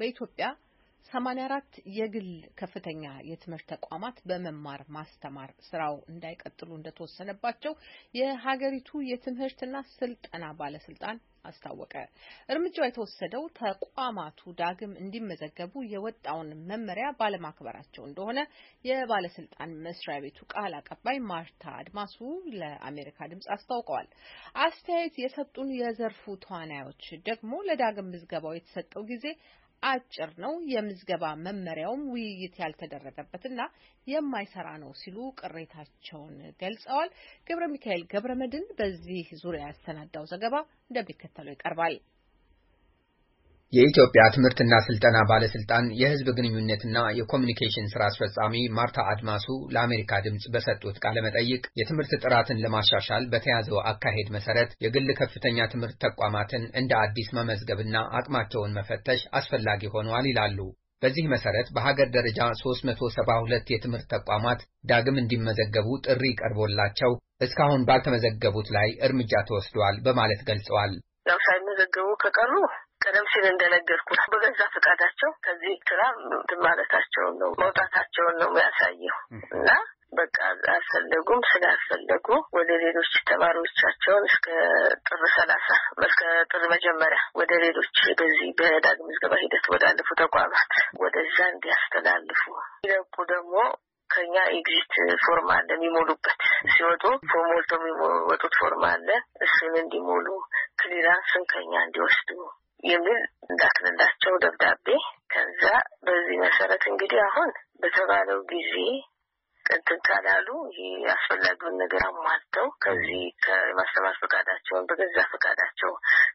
በኢትዮጵያ 84 የግል ከፍተኛ የትምህርት ተቋማት በመማር ማስተማር ስራው እንዳይቀጥሉ እንደተወሰነባቸው የሀገሪቱ የትምህርትና ስልጠና ባለስልጣን አስታወቀ። እርምጃው የተወሰደው ተቋማቱ ዳግም እንዲመዘገቡ የወጣውን መመሪያ ባለማክበራቸው እንደሆነ የባለስልጣን መስሪያ ቤቱ ቃል አቀባይ ማርታ አድማሱ ለአሜሪካ ድምጽ አስታውቀዋል። አስተያየት የሰጡን የዘርፉ ተዋናዮች ደግሞ ለዳግም ምዝገባው የተሰጠው ጊዜ አጭር ነው፣ የምዝገባ መመሪያውም ውይይት ያልተደረገበትና የማይሰራ ነው ሲሉ ቅሬታቸውን ገልጸዋል። ገብረ ሚካኤል ገብረ መድን በዚህ ዙሪያ ያሰናዳው ዘገባ እንደሚከተለው ይቀርባል። የኢትዮጵያ ትምህርትና ስልጠና ባለስልጣን የህዝብ ግንኙነትና የኮሚኒኬሽን ስራ አስፈጻሚ ማርታ አድማሱ ለአሜሪካ ድምፅ በሰጡት ቃለ መጠይቅ የትምህርት ጥራትን ለማሻሻል በተያዘው አካሄድ መሰረት የግል ከፍተኛ ትምህርት ተቋማትን እንደ አዲስ መመዝገብና አቅማቸውን መፈተሽ አስፈላጊ ሆኗል ይላሉ። በዚህ መሰረት በሀገር ደረጃ 372 የትምህርት ተቋማት ዳግም እንዲመዘገቡ ጥሪ ቀርቦላቸው እስካሁን ባልተመዘገቡት ላይ እርምጃ ተወስዷል በማለት ገልጸዋል። ያው ሳይመዘገቡ ከቀሩ ቀደም ሲል እንደነገርኩ በገዛ ፈቃዳቸው ከዚህ ስራ ማለታቸውን ነው መውጣታቸውን ነው ያሳየው እና በቃ አልፈለጉም። ስላልፈለጉ ወደ ሌሎች ተማሪዎቻቸውን እስከ ጥር ሰላሳ እስከ ጥር መጀመሪያ ወደ ሌሎች በዚህ በዳግም ምዝገባ ሂደት ወዳለፉ ተቋማት ወደዛ እንዲያስተላልፉ ይለቁ ደግሞ ከኛ ኤግዚት ፎርም አለ የሚሞሉበት ሲወጡ ፎርም ሞልተው የሚወጡት ፎርም አለ እሱን እንዲሞሉ ክሊራንስን ከኛ እንዲወስዱ የሚል እንዳስረዳቸው ደብዳቤ። ከዛ በዚህ መሰረት እንግዲህ አሁን በተባለው ጊዜ እንትን ካላሉ ይህ አስፈላጊውን ነገር አሟልተው ከዚህ ከማስተማር ፈቃዳቸውን በገዛ ፈቃዳቸው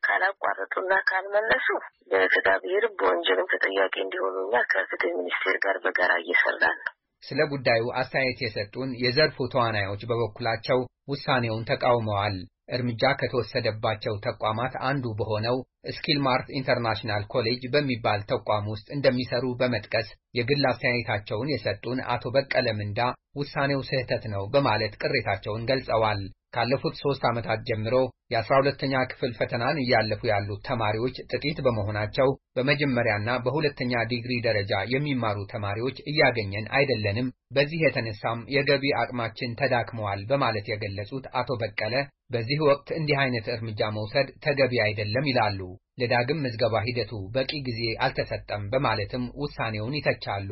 ካላቋረጡና ካልመለሱ በፍትሐ ብሔር በወንጀልም ተጠያቂ እንዲሆኑና ከፍትህ ሚኒስቴር ጋር በጋራ እየሰራን ነው። ስለ ጉዳዩ አስተያየት የሰጡን የዘርፉ ተዋናዮች በበኩላቸው ውሳኔውን ተቃውመዋል። እርምጃ ከተወሰደባቸው ተቋማት አንዱ በሆነው ስኪልማርት ኢንተርናሽናል ኮሌጅ በሚባል ተቋም ውስጥ እንደሚሰሩ በመጥቀስ የግል አስተያየታቸውን የሰጡን አቶ በቀለ ምንዳ ውሳኔው ስህተት ነው በማለት ቅሬታቸውን ገልጸዋል። ካለፉት ሶስት ዓመታት ጀምሮ የአስራ ሁለተኛ ክፍል ፈተናን እያለፉ ያሉት ተማሪዎች ጥቂት በመሆናቸው በመጀመሪያና በሁለተኛ ዲግሪ ደረጃ የሚማሩ ተማሪዎች እያገኘን አይደለንም። በዚህ የተነሳም የገቢ አቅማችን ተዳክመዋል በማለት የገለጹት አቶ በቀለ በዚህ ወቅት እንዲህ አይነት እርምጃ መውሰድ ተገቢ አይደለም ይላሉ። ለዳግም ምዝገባ ሂደቱ በቂ ጊዜ አልተሰጠም በማለትም ውሳኔውን ይተቻሉ።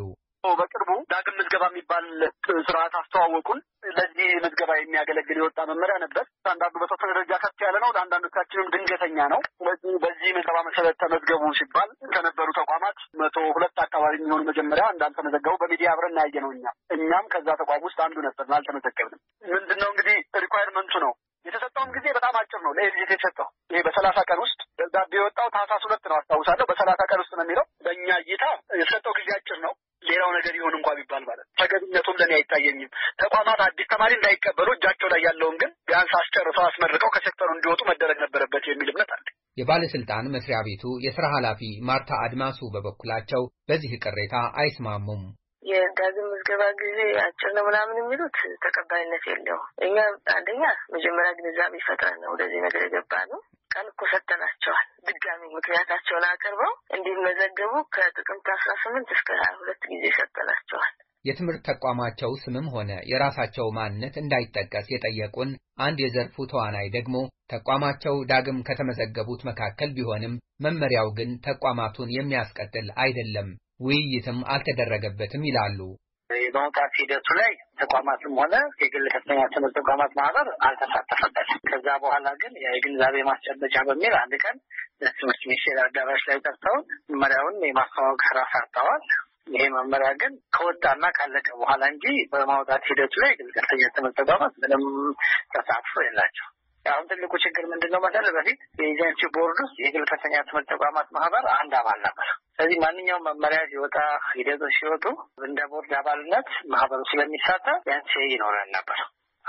በቅርቡ ዳግም ምዝገባ የሚባል ስርዓት አስተዋወቁን። ለዚህ ምዝገባ የሚያገለግል የወጣ መመሪያ ነበር። አንዳንዱ በተወሰነ ደረጃ ከፍ ያለ ነው፣ ለአንዳንዶቻችንም ድንገተኛ ነው። ስለዚህ በዚህ ምዝገባ መሰረት ተመዝገቡ ሲባል ከነበሩ ተቋማት መቶ ሁለት አካባቢ የሚሆኑ መጀመሪያ እንዳልተመዘገቡ በሚዲያ አብረን እናያየ ነው። እኛ እኛም ከዛ ተቋም ውስጥ አንዱ ነበር አልተመዘገብንም። ምንድነው እንግዲህ ቁጥር ነው ለኤግዚት የሰጠው። ይሄ በሰላሳ ቀን ውስጥ ደብዳቤ የወጣው ታህሳስ ሁለት ነው አስታውሳለሁ። በሰላሳ ቀን ውስጥ ነው የሚለው። በእኛ እይታ የተሰጠው ጊዜ አጭር ነው። ሌላው ነገር ይሁን እንኳ ቢባል ማለት ተገቢነቱም ለእኔ አይታየኝም። ተቋማት አዲስ ተማሪ እንዳይቀበሉ እጃቸው ላይ ያለውን ግን ቢያንስ አስጨርሰው አስመርቀው ከሴክተሩ እንዲወጡ መደረግ ነበረበት የሚል እምነት አለ። የባለስልጣን መስሪያ ቤቱ የስራ ኃላፊ ማርታ አድማሱ በበኩላቸው በዚህ ቅሬታ አይስማሙም። የዳግም ምዝገባ ጊዜ አጭር ነው ምናምን የሚሉት ተቀባይነት የለውም። እኛ አንደኛ መጀመሪያ ግንዛቤ ፈጥረን ነው ወደዚህ ነገር የገባ ነው። ቃል እኮ ድጋሚ ምክንያታቸውን አቅርበው እንዲመዘገቡ ከጥቅምት አስራ ስምንት እስከ ሀያ ሁለት ጊዜ ሰጥተናቸዋል። የትምህርት ተቋማቸው ስምም ሆነ የራሳቸው ማንነት እንዳይጠቀስ የጠየቁን አንድ የዘርፉ ተዋናይ ደግሞ ተቋማቸው ዳግም ከተመዘገቡት መካከል ቢሆንም መመሪያው ግን ተቋማቱን የሚያስቀጥል አይደለም ውይይትም አልተደረገበትም ይላሉ። በመውጣት ሂደቱ ላይ ተቋማትም ሆነ የግል ከፍተኛ ትምህርት ተቋማት ማህበር አልተሳተፈበትም። ከዛ በኋላ ግን የግንዛቤ ማስጨበጫ በሚል አንድ ቀን ትምህርት ሚኒስቴር አዳራሽ ላይ ጠርተውን መመሪያውን የማስተዋወቅ ስራ ሰርተዋል። ይሄ መመሪያ ግን ከወጣና ካለቀ በኋላ እንጂ በማውጣት ሂደቱ ላይ የግል ከፍተኛ ትምህርት ተቋማት ምንም ተሳትፎ የላቸው። አሁን ትልቁ ችግር ምንድን ነው መሰለህ? በፊት የኤጀንሲ ቦርድ ውስጥ የግል ከፍተኛ ትምህርት ተቋማት ማህበር አንድ አባል ነበር። ስለዚህ ማንኛውም መመሪያ ሲወጣ ሂደቶች ሲወጡ እንደ ቦርድ አባልነት ማህበሩ ስለሚሳተፍ ቢያንስ ይኖረን ነበር።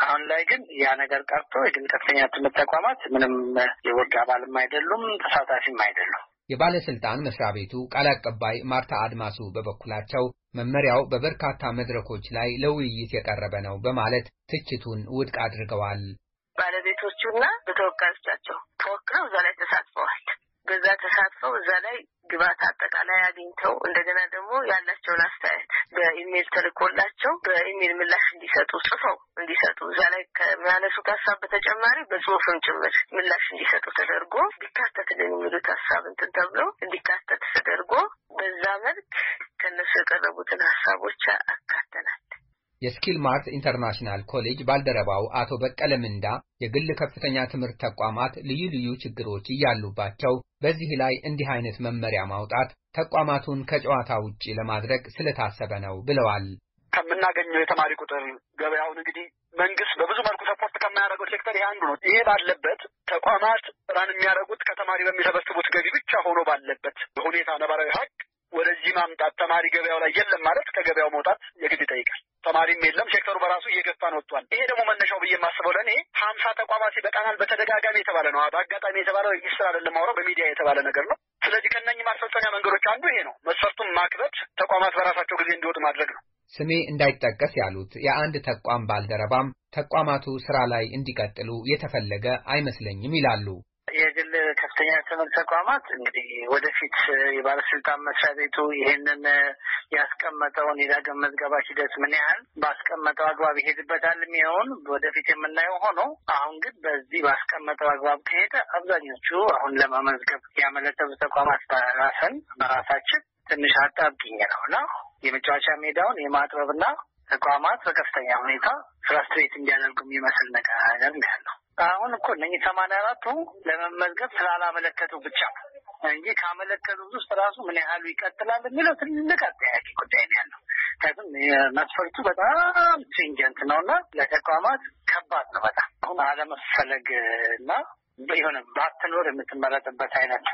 አሁን ላይ ግን ያ ነገር ቀርቶ የግል ከፍተኛ ትምህርት ተቋማት ምንም የቦርድ አባልም አይደሉም፣ ተሳታፊም አይደሉም። የባለስልጣን መስሪያ ቤቱ ቃል አቀባይ ማርታ አድማሱ በበኩላቸው መመሪያው በበርካታ መድረኮች ላይ ለውይይት የቀረበ ነው በማለት ትችቱን ውድቅ አድርገዋል። ባለቤቶቹና በተወካዮቻቸው ተወክለው እዛ ላይ ተሳትፈዋል። በዛ ተሳትፈው እዛ ላይ ግባት አጠቃላይ አግኝተው እንደገና ደግሞ ያላቸውን አስተያየት በኢሜይል ተልኮላቸው በኢሜይል ምላሽ እንዲሰጡ ጽፈው እንዲሰጡ እዛ ላይ ከሚያነሱት ሀሳብ በተጨማሪ በጽሁፍም ጭምር ምላሽ እንዲሰጡ ተደርጎ እንዲካተትልን የሚሉት ሀሳብ እንትን ተብሎ እንዲካተት ተደርጎ በዛ መልክ ከነሱ የቀረቡትን ሀሳቦች የስኪል ማርት ኢንተርናሽናል ኮሌጅ ባልደረባው አቶ በቀለ ምንዳ የግል ከፍተኛ ትምህርት ተቋማት ልዩ ልዩ ችግሮች እያሉባቸው በዚህ ላይ እንዲህ አይነት መመሪያ ማውጣት ተቋማቱን ከጨዋታ ውጪ ለማድረግ ስለታሰበ ነው ብለዋል። ከምናገኘው የተማሪ ቁጥር ገበያውን እንግዲህ መንግስት በብዙ መልኩ ሰፖርት ከማያደርገው ሴክተር ይህ አንዱ ነው። ይሄ ባለበት ተቋማት ራን የሚያደርጉት ከተማሪ በሚሰበስቡት ገቢ ብቻ ሆኖ ባለበት ሁኔታ ነባራዊ ሀቅ ወደዚህ ማምጣት ተማሪ ገበያው ላይ የለም ማለት ከገበያው መውጣት የሚልም የለም። ሴክተሩ በራሱ እየገፋን ወጥቷል። ይሄ ደግሞ መነሻው ብዬ የማስበው ለእኔ ሀምሳ ተቋማት ይበቃናል በተደጋጋሚ የተባለ ነው። በአጋጣሚ የተባለ ሬጅስትር አይደለም አውረው በሚዲያ የተባለ ነገር ነው። ስለዚህ ከእነኝህ ማስፈጸሚያ መንገዶች አንዱ ይሄ ነው። መስፈርቱን ማክበት ተቋማት በራሳቸው ጊዜ እንዲወጡ ማድረግ ነው። ስሜ እንዳይጠቀስ ያሉት የአንድ ተቋም ባልደረባም ተቋማቱ ስራ ላይ እንዲቀጥሉ የተፈለገ አይመስለኝም ይላሉ። ከፍተኛ ትምህርት ተቋማት እንግዲህ ወደፊት የባለስልጣን መስሪያ ቤቱ ይህንን ያስቀመጠውን የዳግም መዝገባ ሂደት ምን ያህል ባስቀመጠው አግባብ ይሄድበታል የሚሆን ወደፊት የምናየው ሆኖ፣ አሁን ግን በዚህ ባስቀመጠው አግባብ ከሄደ አብዛኞቹ አሁን ለመመዝገብ ያመለከቱ ተቋማት በራሰን በራሳችን ትንሽ አጣብቂኝ ነው እና የመጫወቻ ሜዳውን የማጥበብና ተቋማት በከፍተኛ ሁኔታ ፍራስትሬት እንዲያደርጉ የሚመስል ነገር ያለው አሁን እኮ እነኝህ ሰማንያ አራቱ ለመመዝገብ ስላላመለከቱ ብቻ እንጂ ካመለከቱ ውስጥ ራሱ ምን ያህሉ ይቀጥላል የሚለው ትልቅ አጠያቂ ጉዳይ ነው ያለው። ምክንያቱም መስፈርቱ በጣም ስትሪንጀንት ነው እና ለተቋማት ከባድ ነው በጣም አሁን አለመፈለግ እና የሆነ ባትኖር የምትመረጥበት አይነት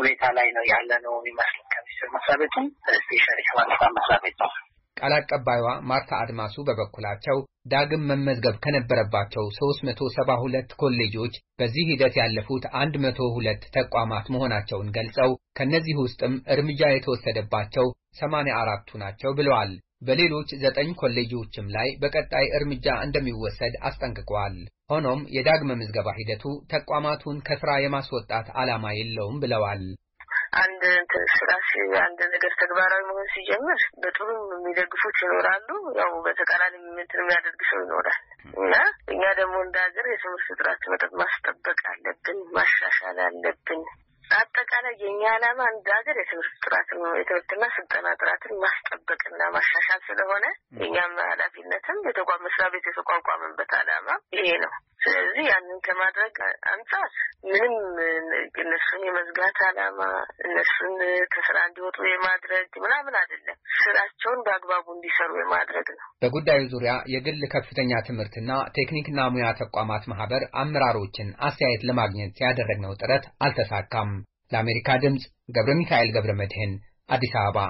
ሁኔታ ላይ ነው ያለ ነው የሚመስል ከሚኒስቴር መስሪያ ቤቱም ስፔሻሊ ከማንስራ መስሪያ ቤት ነው ቃል አቀባይዋ ማርታ አድማሱ በበኩላቸው ዳግም መመዝገብ ከነበረባቸው 372 ኮሌጆች በዚህ ሂደት ያለፉት 102 ተቋማት መሆናቸውን ገልጸው ከነዚህ ውስጥም እርምጃ የተወሰደባቸው 84ቱ ናቸው ብለዋል። በሌሎች ዘጠኝ ኮሌጆችም ላይ በቀጣይ እርምጃ እንደሚወሰድ አስጠንቅቀዋል። ሆኖም የዳግመ ምዝገባ ሂደቱ ተቋማቱን ከስራ የማስወጣት ዓላማ የለውም ብለዋል። አንድ ስራ አንድ ነገር ተግባራዊ መሆን ሲጀምር በጥሩ የሚደግፉት ይኖራሉ፣ ያው በተቃራኒ ምንትን የሚያደርግ ሰው ይኖራል እና እኛ ደግሞ እንደ ሀገር የትምህርት ጥራት መጠጥ ማስጠበቅ አለብን፣ ማሻሻል አለብን። አጠቃላይ የእኛ ዓላማ እንደ ሀገር የትምህርት ጥራት ነው፣ የትምህርትና ስልጠና ጥራትን ማስጠበቅና ማሻሻል ስለሆነ የእኛም ኃላፊነትም የተቋም መስሪያ ቤት የተቋቋመበት ዓላማ ይሄ ነው። ስለዚህ ያንን ከማድረግ አንጻር ምንም እነሱን የመዝጋት አላማ እነሱን ከስራ እንዲወጡ የማድረግ ምናምን አይደለም። ስራቸውን በአግባቡ እንዲሰሩ የማድረግ ነው። በጉዳዩ ዙሪያ የግል ከፍተኛ ትምህርትና ቴክኒክና ሙያ ተቋማት ማህበር አመራሮችን አስተያየት ለማግኘት ያደረግነው ጥረት አልተሳካም። ለአሜሪካ ድምፅ ገብረ ሚካኤል ገብረ መድህን አዲስ አበባ